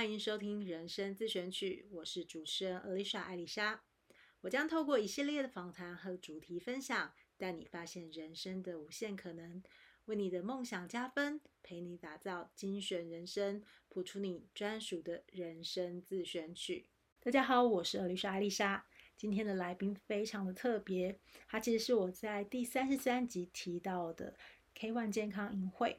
歡迎收聽《人生自選曲》，我是主持人 Alisha 艾麗莎。我將透過一系列的訪談和主題分享，帶你發現人生的無限可能，為你的夢想加分，陪你打造精選人生，譜出你專屬的人生自選曲。大家好，我是 Alisha 艾麗莎。今天的來賓非常的特別，她其實是我在第三十三集提到的 K1 健康營會。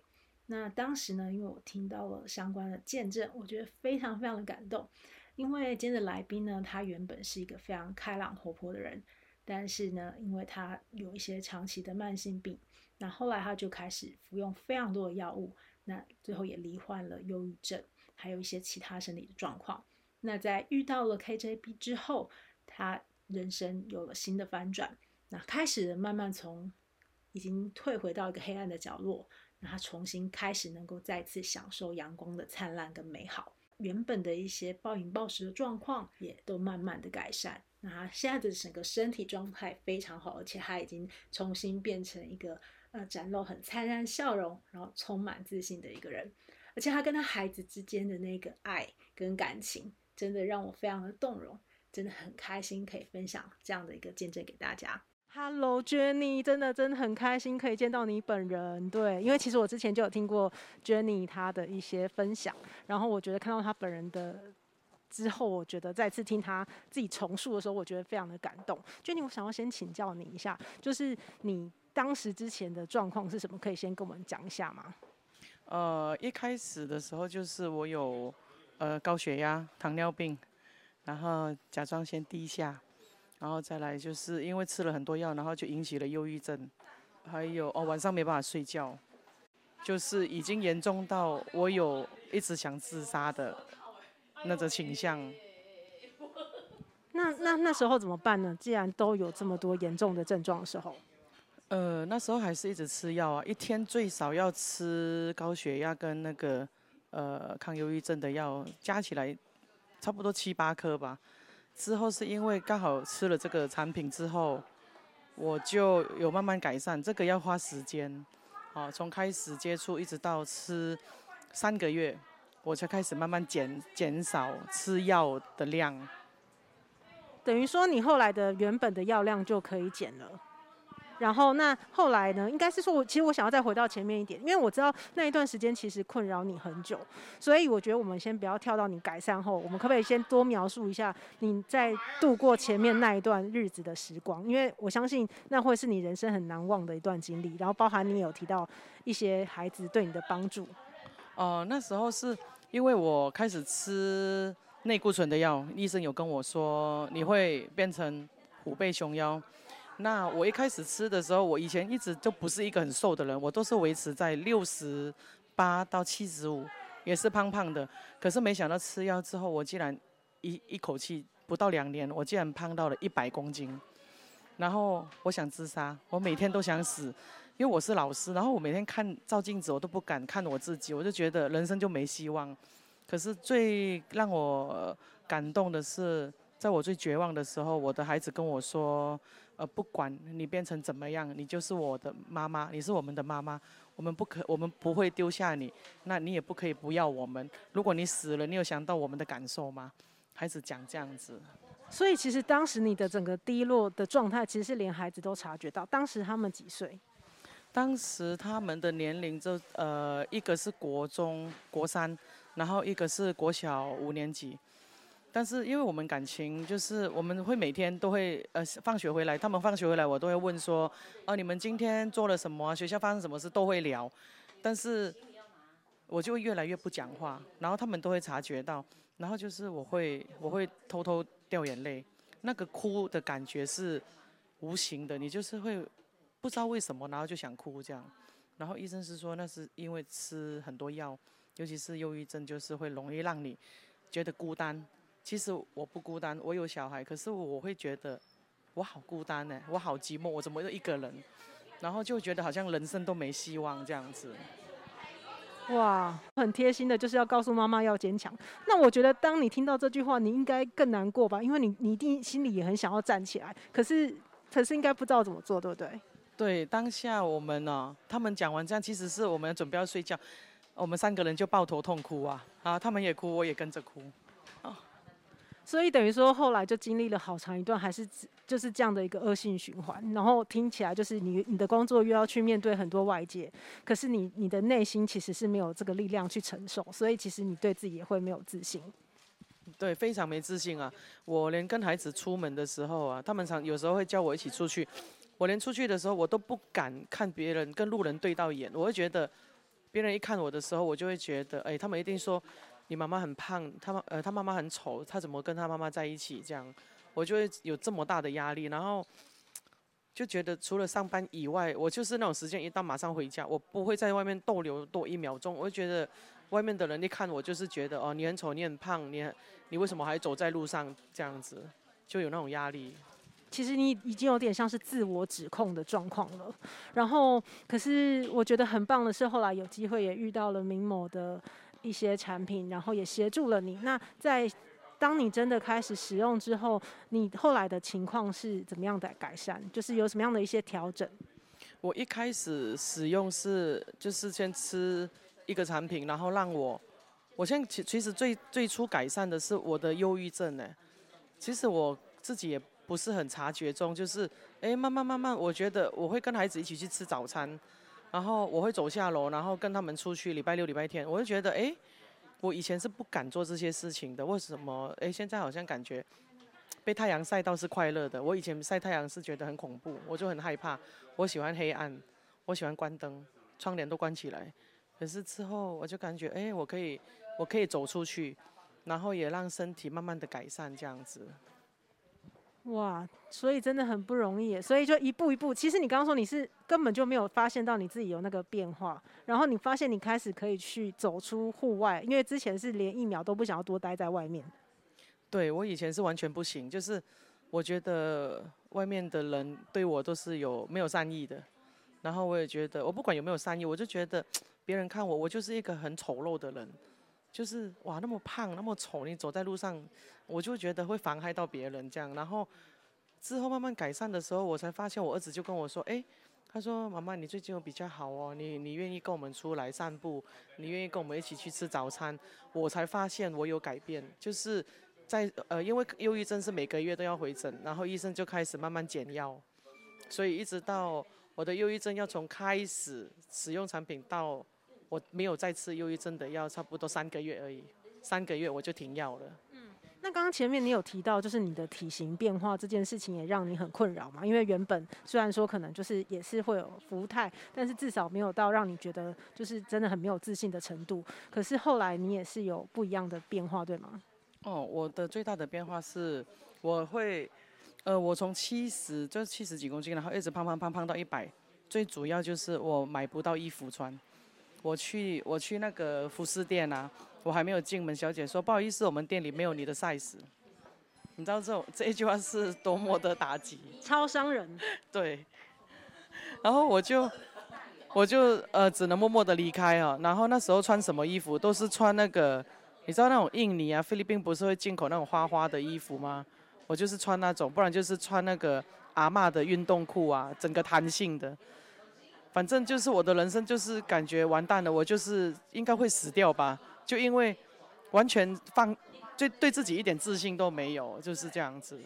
那當時呢，因為我聽到了相關的見證，我覺得非常非常的感動。因為今天的來賓呢，他原本是一個非常開朗活潑的人，但是呢，因為他有一些長期的慢性病，那後來他就開始服用非常多的藥物，那最後也罹患了憂鬱症，還有一些其他生理的狀況。那在遇到了 KJB 之後，他人生有了新的翻轉，那開始慢慢從已經退回到一個黑暗的角落。讓他重新開始，能夠再次享受陽光的燦爛跟美好。原本的一些暴飲暴食的狀況也都慢慢的改善。那他現在的整個身體狀態非常好，而且他已經重新變成一個呃，展露很燦爛笑容，然後充滿自信的一個人。而且他跟他孩子之間的那個愛跟感情，真的讓我非常的動容，真的很開心可以分享這樣的一個見證給大家。哈嘍，Jenny 真的真的很開心可以見到你本人。對，因為其實我之前就有聽過 Jenny 她的一些分享，然後我覺得看到她本人的之後，我覺得再次聽她自己重述的時候，我覺得非常的感動。Jenny，我想要先請教你一下，就是你當時之前的狀況是什麼？可以先跟我們講一下嗎？呃，一開始的時候就是我有呃高血壓、糖尿病，然後甲狀腺低下。然後再來就是因為吃了很多藥，然後就引起了憂鬱症，還有哦晚上沒辦法睡覺，就是已經嚴重到我有一直想自殺的那種傾向。那那那時候怎麼辦呢？既然都有這麼多嚴重的症狀的時候，呃那時候還是一直吃藥啊，一天最少要吃高血壓跟那個呃抗憂鬱症的藥加起來差不多七八顆吧。之後是因為剛好吃了這個產品之後，我就有慢慢改善。這個要花時間，啊，從開始接觸一直到吃三個月，我才開始慢慢減減少吃藥的量。等於說，你後來的原本的藥量就可以減了。然後那後來呢？應該是說我，我其實我想要再回到前面一點，因為我知道那一段時間其實困擾你很久，所以我覺得我們先不要跳到你改善後，我們可不可以先多描述一下你在度過前面那一段日子的時光？因為我相信那會是你人生很難忘的一段經歷，然後包含你有提到一些孩子對你的幫助。哦、呃，那時候是因為我開始吃類固醇的藥，醫生有跟我說，你會變成虎背熊腰。那我一開始吃的時候，我以前一直都不是一個很瘦的人，我都是維持在六十八到七十五，也是胖胖的。可是沒想到吃藥之後，我竟然一一口氣不到兩年，我竟然胖到了一百公斤。然後我想自殺，我每天都想死，因為我是老師，然後我每天看照鏡子，我都不敢看我自己，我就覺得人生就沒希望。可是最讓我感動的是，在我最絕望的時候，我的孩子跟我說：“呃，不管你變成怎麼樣，你就是我的媽媽，你是我們的媽媽，我們不可，我們不會丟下你，那你也不可以不要我們。如果你死了，你有想到我們的感受嗎？”孩子講這樣子。所以其實當時你的整個低落的狀態，其實是連孩子都察覺到。當時他們幾歲？當時他們的年齡就……呃，一個是國中國三，然後一個是國小五年級。但是因為我們感情，就是我們會每天都會呃，放學回來，他們放學回來我都會問說，哦、呃、你們今天做了什麼？學校發生什麼事都會聊，但是我就會越來越不講話，然後他們都會察覺到，然後就是我會我會偷偷掉眼淚，那個哭的感覺是無形的，你就是會不知道為什麼，然後就想哭這樣，然後醫生是說那是因為吃很多藥，尤其是憂鬱症就是會容易讓你覺得孤單。其實我不孤單，我有小孩，可是我會覺得我好孤單呢、欸，我好寂寞，我怎麼又一個人？然後就覺得好像人生都沒希望這樣子。哇，很貼心的，就是要告訴媽媽要堅強。那我覺得，當你聽到這句話，你應該更難過吧？因為你你一定心裡也很想要站起來，可是可是應該不知道怎麼做，對不對？對，當下我們呢、哦，他們講完這樣，其實是我們準備要睡覺，我們三個人就抱頭痛哭啊！啊，他們也哭，我也跟着哭。所以等於說，後來就經歷了好長一段，還是就是這樣的一個惡性循環。然後聽起來就是你你的工作又要去面對很多外界，可是你你的內心其實是沒有這個力量去承受，所以其實你對自己也會沒有自信。對，非常沒自信啊！我連跟孩子出門的時候啊，他們常有時候會叫我一起出去，我連出去的時候我都不敢看別人跟路人對到一眼，我會覺得，別人一看我的時候，我就會覺得，哎、欸，他們一定說。你媽媽很胖，他媽呃，他媽媽很醜，他怎麼跟他媽媽在一起？這樣，我就會有這麼大的壓力，然後就覺得除了上班以外，我就是那種時間一到馬上回家，我不會在外面逗留多一秒鐘。我就覺得外面的人一看我，就是覺得哦，你很醜，你很胖，你你為什麼還走在路上這樣子？就有那種壓力。其實你已經有點像是自我指控的狀況了。然後，可是我覺得很棒的是，後來有機會也遇到了明眸的一些產品，然後也協助了你。那在當你真的開始使用之後，你後來的情況是怎麼樣的改善？就是有什麼樣的一些調整？我一開始使用是就是先吃一個產品，然後讓我，我現在其其實最最初改善的是我的憂鬱症呢。其實我自己也不是很察覺中，就是誒，慢慢慢慢，我覺得我會跟孩子一起去吃早餐。然後我會走下樓，然後跟他們出去。禮拜六、禮拜天，我就覺得，哎，我以前是不敢做這些事情的，為什麼？哎，現在好像感覺被太陽曬到是快樂的。我以前曬太陽是覺得很恐怖，我就很害怕。我喜歡黑暗，我喜歡關燈，窗簾都關起來。可是之後我就感覺，哎，我可以，我可以走出去，然後也讓身體慢慢的改善這樣子。哇，所以真的很不容易，所以就一步一步。其實你剛剛說你是根本就沒有發現到你自己有那個變化，然後你發現你開始可以去走出戶外，因為之前是連一秒都不想要多待在外面。對，我以前是完全不行，就是我覺得外面的人對我都是有沒有善意的，然後我也覺得我不管有沒有善意，我就覺得別人看我，我就是一個很醜陋的人。就是哇，那麼胖，那麼醜，你走在路上，我就覺得會妨害到別人這樣。然後之後慢慢改善的時候，我才發現，我兒子就跟我說：“誒，他說媽媽，你最近有比較好哦，你你願意跟我們出來散步，你願意跟我們一起去吃早餐。”我才發現我有改變，就是在呃，因為憂鬱症是每個月都要回診，然後醫生就開始慢慢減藥，所以一直到我的憂鬱症要從開始使用產品到。我沒有再吃憂鬱症的藥，差不多三個月而已。三個月我就停藥了。嗯，那剛剛前面你有提到，就是你的體型變化這件事情也讓你很困擾嘛？因為原本雖然說可能就是也是會有福態，但是至少沒有到讓你覺得就是真的很沒有自信的程度。可是後來你也是有不一樣的變化，對嗎？哦，我的最大的變化是，我會呃，我從七十就是七十幾公斤，然後一直胖胖胖胖到一百，最主要就是我買不到衣服穿。我去我去那個服飾店啊，我還沒有進門，小姐說不好意思，我們店裡沒有你的 size。你知道這種這一句話是多麼的打擊？超傷人。對。然後我就我就呃只能默默的離開啊。然後那時候穿什麼衣服都是穿那個，你知道那種印尼啊、菲律賓不是會進口那種花花的衣服嗎？我就是穿那種，不然就是穿那個阿嬤的運動褲啊，整個彈性的。反正就是我的人生，就是感覺完蛋了，我就是應該會死掉吧，就因為完全放，對，對自己一點自信都沒有，就是這樣子。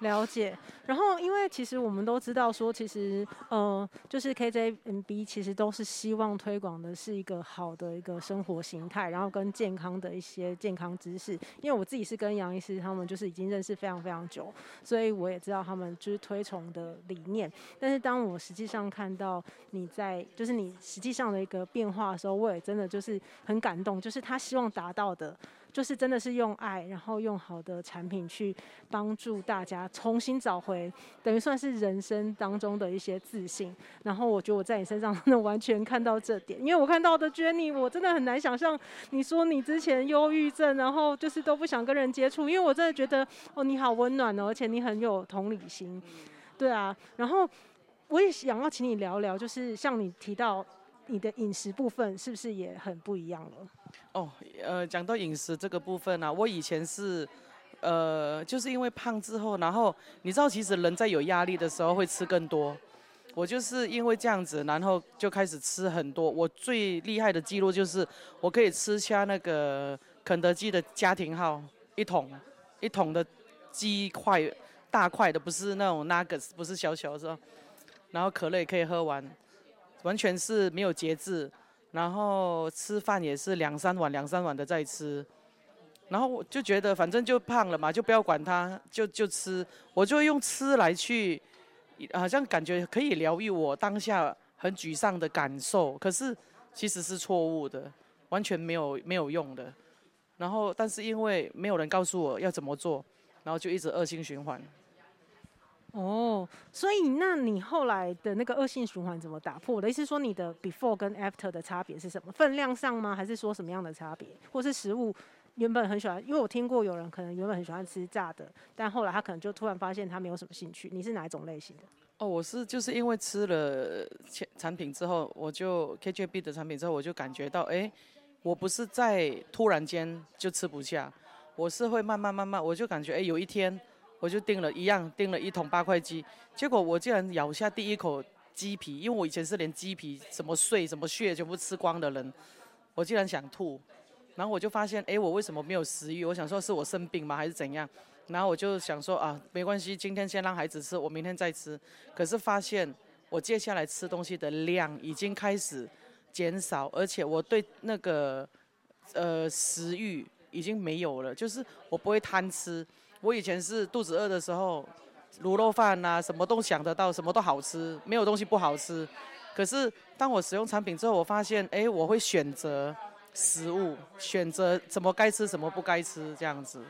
了解，然後因為其實我們都知道說，其實嗯、呃，就是 KJ&B 其實都是希望推廣的是一個好的一個生活形態，然後跟健康的一些健康知識。因為我自己是跟楊醫師他們就是已經認識非常非常久，所以我也知道他們就是推崇的理念。但是當我實際上看到你在就是你實際上的一個變化的時候，我也真的就是很感動，就是他希望達到的。就是真的是用愛，然後用好的產品去幫助大家重新找回，等於算是人生當中的一些自信。然後我覺得我在你身上能完全看到這點，因為我看到的 Jenny，我真的很難想象你說你之前憂鬱症，然後就是都不想跟人接觸。因為我真的覺得哦，你好溫暖哦，而且你很有同理心，對啊。然後我也想要請你聊聊，就是像你提到你的飲食部分，是不是也很不一樣了？哦，oh, 呃，講到飲食這個部分呢，啊，我以前是，呃，就是因為胖之後，然後你知道，其實人在有壓力的時候會吃更多。我就是因為這樣子，然後就開始吃很多。我最厲害的記錄就是，我可以吃下那個肯德基的家庭號一桶一桶的雞塊大塊的，不是那種 nuggets，不是小小的時候，然後可樂也可以喝完，完全是沒有節制。然後吃飯也是兩三碗，兩三碗的在吃，然後我就覺得反正就胖了嘛，就不要管它，就就吃。我就用吃來去，好像感覺可以療癒我當下很沮喪的感受。可是其實是錯誤的，完全沒有沒有用的。然後但是因為沒有人告訴我要怎麼做，然後就一直惡性循環。哦，oh, 所以那你後來的那個惡性循環怎麼打破？我的意思是說你的 before 跟 after 的差別是什麼？分量上嗎？還是說什麼樣的差別？或是食物原本很喜歡，因為我聽過有人可能原本很喜歡吃炸的，但後來他可能就突然發現他沒有什麼興趣。你是哪一種類型的？哦，oh, 我是就是因為吃了產品之後，我就 KJB 的產品之後，我就感覺到，哎、欸，我不是在突然間就吃不下，我是會慢慢慢慢，我就感覺，哎、欸，有一天。我就訂了一樣，訂了一桶八塊雞，結果我竟然咬下第一口雞皮，因為我以前是連雞皮什麼碎、什麼血全部吃光的人，我竟然想吐，然後我就發現，哎，我為什麼沒有食慾？我想說是我生病嗎，還是怎樣？然後我就想說啊，沒關係，今天先讓孩子吃，我明天再吃。可是發現我接下來吃東西的量已經開始減少，而且我對那個呃食慾已經沒有了，就是我不會貪吃。我以前是肚子餓的時候，滷肉飯吶、啊，什麼都想得到，什麼都好吃，沒有東西不好吃。可是當我使用產品之後，我發現，哎，我會選擇食物，選擇什麼該吃什麼不該吃，這樣子。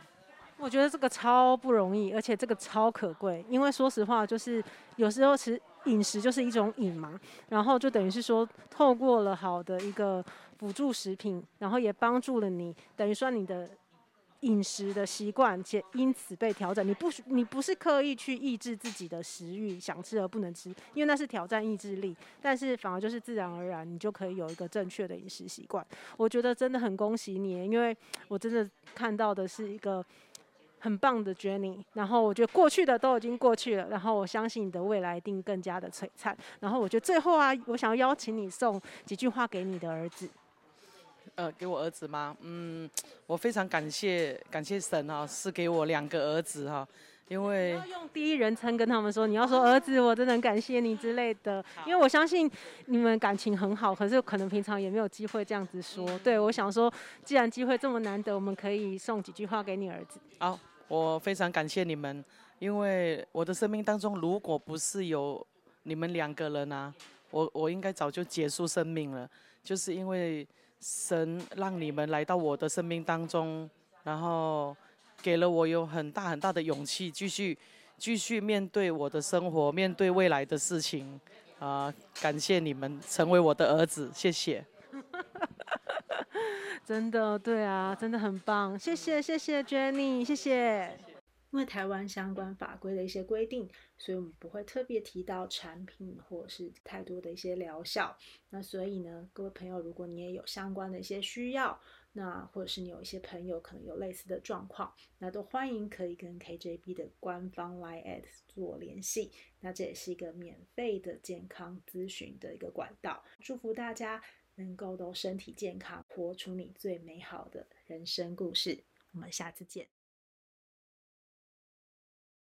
我覺得這個超不容易，而且這個超可貴，因為說實話，就是有時候其實飲食就是一種癮嘛，然後就等於是說，透過了好的一個輔助食品，然後也幫助了你，等於說你的。飲食的習慣且因此被調整，你不你不是刻意去抑制自己的食慾，想吃而不能吃，因為那是挑戰意志力，但是反而就是自然而然，你就可以有一個正確的飲食習慣。我覺得真的很恭喜你，因為我真的看到的是一個很棒的 Jenny。然後我覺得過去的都已經過去了，然後我相信你的未來一定更加的璀璨。然後我覺得最後啊，我想要邀請你送幾句話給你的兒子。呃，給我兒子嗎？嗯，我非常感謝感謝神啊、哦，賜給我兩個兒子哈、哦，因為要用第一人稱跟他們說，你要說兒子，我真的很感謝你之類的，好因為我相信你們感情很好，可是可能平常也沒有機會這樣子說。對，我想說，既然機會這麼難得，我們可以送幾句話給你兒子。好，oh, 我非常感謝你們，因為我的生命當中，如果不是有你們兩個人啊，我我應該早就結束生命了，就是因為。神讓你們來到我的生命當中，然後給了我有很大很大的勇氣，繼續繼續面對我的生活，面對未來的事情。啊、呃，感謝你們成為我的兒子，謝謝。 真的，對啊，真的很棒，謝謝，謝謝 Jenny，謝謝。因為台灣相關法規的一些規定，所以我們不會特別提到產品或者是太多的一些療效。那所以呢，各位朋友，如果你也有相關的一些需要，那或者是你有一些朋友可能有類似的狀況，那都歡迎可以跟 KJB 的官方 Line@ 做聯繫。那這也是一個免費的健康諮詢的一個管道。祝福大家能夠都身體健康，活出你最美好的人生故事。我們下次見。